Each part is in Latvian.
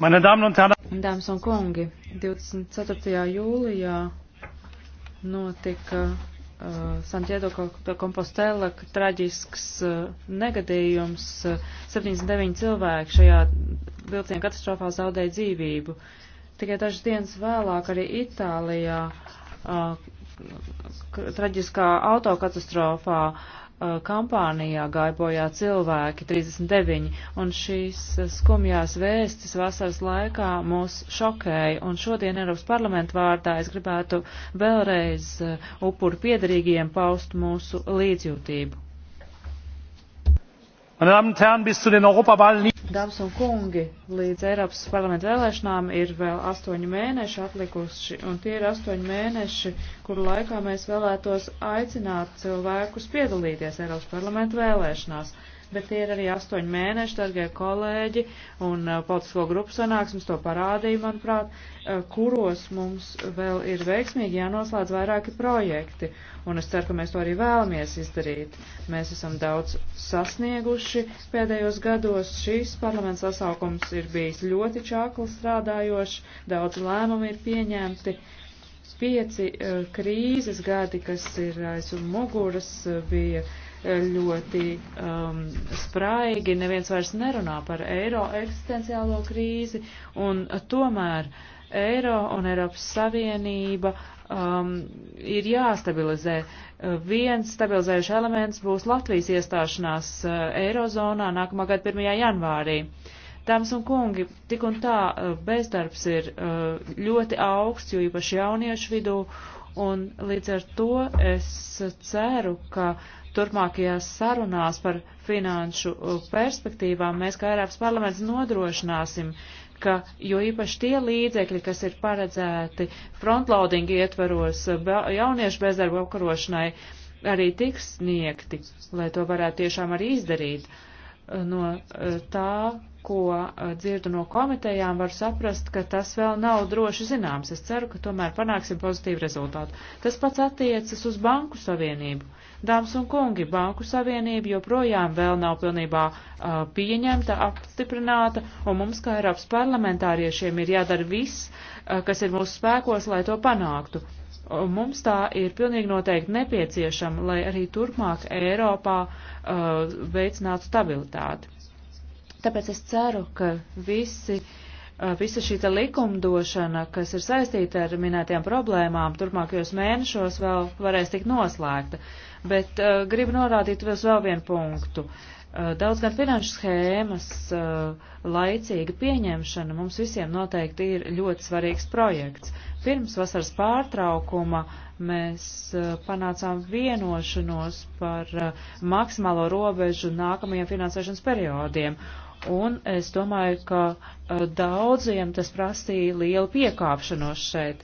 Meine Damen un Herren, Dāmas un kungi, 24. jūlijā notika uh, Santiago Compostela traģisks uh, negadījums. 79 cilvēki šajā vilciena katastrofā zaudēja dzīvību. Tikai dažas dienas vēlāk arī Itālijā uh, traģiskā autokatastrofā uh, Uh, kampānijā gāja bojā cilvēki, 39, un šīs uh, skumjās vēstis vasaras laikā mūs šokēja, un šodien Eiropas parlamentu vārdā es gribētu vēlreiz uh, upuru piedarīgiem paust mūsu līdzjūtību. Dāmas un kungi, līdz Eiropas parlamenta vēlēšanām ir vēl astoņi mēneši atlikuši, un tie ir astoņi mēneši, kuru laikā mēs vēlētos aicināt cilvēkus piedalīties Eiropas parlamenta vēlēšanās bet tie ir arī astoņi mēneši, dargie kolēģi, un uh, politisko grupu sanāksmes to parādīja, manuprāt, uh, kuros mums vēl ir veiksmīgi jānoslēdz vairāki projekti, un es ceru, ka mēs to arī vēlamies izdarīt. Mēs esam daudz sasnieguši pēdējos gados, šīs parlaments sasaukums ir bijis ļoti čākli strādājošs, daudz lēmumi ir pieņemti pieci uh, krīzes gadi, kas ir aiz muguras, uh, bija ļoti um, spraigi, neviens vairs nerunā par eiro eksistenciālo krīzi, un tomēr eiro un Eiropas Savienība um, ir jāstabilizē. Viens stabilizējuši elements būs Latvijas iestāšanās uh, eirozonā nākamā gada 1. janvārī. Dāmas un kungi, tik un tā uh, bezdarbs ir uh, ļoti augsts, jo īpaši jauniešu vidū, Un līdz ar to es ceru, ka turpmākajās sarunās par finanšu uh, perspektīvām mēs kā Eiropas parlaments nodrošināsim, ka jo īpaši tie līdzekļi, kas ir paredzēti frontloading ietvaros uh, jauniešu bezdarba apkarošanai, arī tiks sniegti, lai to varētu tiešām arī izdarīt. Uh, no tā ko eh, dzirdu no komitejām, var saprast, ka tas vēl nav droši zināms. Es ceru, ka tomēr panāksim pozitīvu rezultātu. Tas pats attiecas uz Banku Savienību. Dāmas un kungi, Banku Savienība joprojām vēl nav pilnībā uh, pieņemta, apstiprināta, un mums, kā Eiropas parlamentāriešiem, ir jādara viss, uh, kas ir mūsu spēkos, lai to panāktu. Un mums tā ir pilnīgi noteikti nepieciešama, lai arī turpmāk Eiropā uh, veicinātu stabilitāti. Tāpēc es ceru, ka visi visa šī likumdošana, kas ir saistīta ar minētajām problēmām, turpmākajos mēnešos vēl varēs tikt noslēgta. Bet uh, gribu norādīt vēl uz vēl vienu punktu. Uh, daudz gan finanšu schēmas uh, laicīga pieņemšana mums visiem noteikti ir ļoti svarīgs projekts. Pirms vasaras pārtraukuma mēs uh, panācām vienošanos par uh, maksimālo robežu nākamajiem finansēšanas periodiem. Uh, Un es domāju, ka e, daudziem tas prasīja lielu piekāpšanos šeit.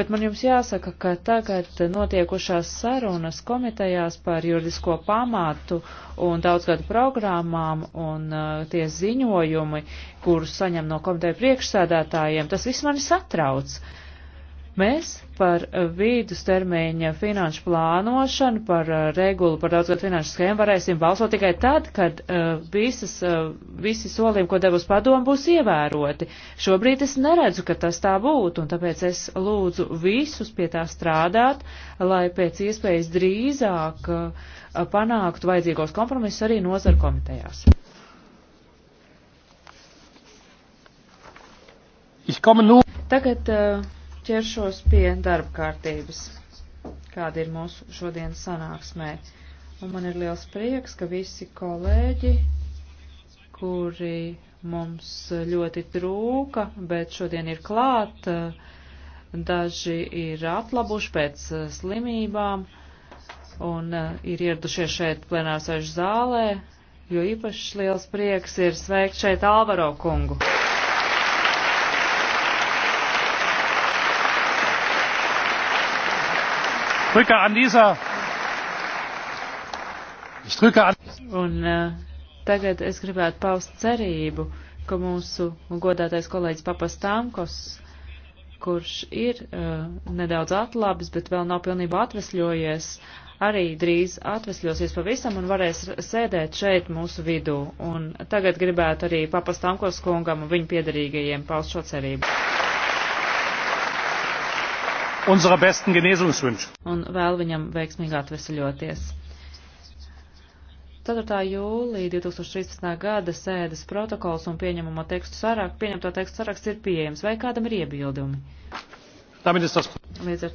Bet man jums jāsaka, ka tagad notiekušās sarunas komitejās par juridisko pamatu un daudzgadu programmām un uh, tie ziņojumi, kurus saņem no komiteja priekšsēdētājiem, tas viss mani satrauc. Uh, Mēs par eh, vidustermiņa finanšu plānošanu, par eh, regulu, par daudzgad finanšu schēmu varēsim balsot tikai tad, kad uh, visas, uh, visi solījumi, ko devus padomu, būs ievēroti. Šobrīd es neredzu, ka tas tā būtu, un tāpēc es lūdzu visus pie tā strādāt, lai pēc iespējas drīzāk uh, panāktu vajadzīgos kompromisus arī nozar komitejās. Tagad uh, ķeršos pie darba kārtības, kāda ir mūsu šodienas sanāksmē. Un man ir liels prieks, ka visi kolēģi, kuri mums ļoti trūka, bet šodien ir klāt, daži ir atlabuši pēc slimībām un ir ieradušies šeit plenārsēžu zālē, jo īpaši liels prieks ir sveikt šeit Alvaro kungu. drücke an dieser ich drücke an un uh, tagad es gribētu paust cerību, ka mūsu godātais kolēģis Papastāmkos, kurš ir uh, nedaudz atlabis, bet vēl nav pilnībā atvesļojies, arī drīz atvesļosies pavisam un varēs sēdēt šeit mūsu vidū. Un tagad gribētu arī Papastāmkos kungam un viņu piedarīgajiem paust šo cerību unsere besten Genesungswünsche. Un vēl viņam veiksmīgi atvesaļoties. 4. jūlija 2013. gada sēdes protokols un pieņemamo tekstu sarakstu, pieņemto tekstu saraksts ir pieejams. Vai kādam ir iebildumi? Līdz ar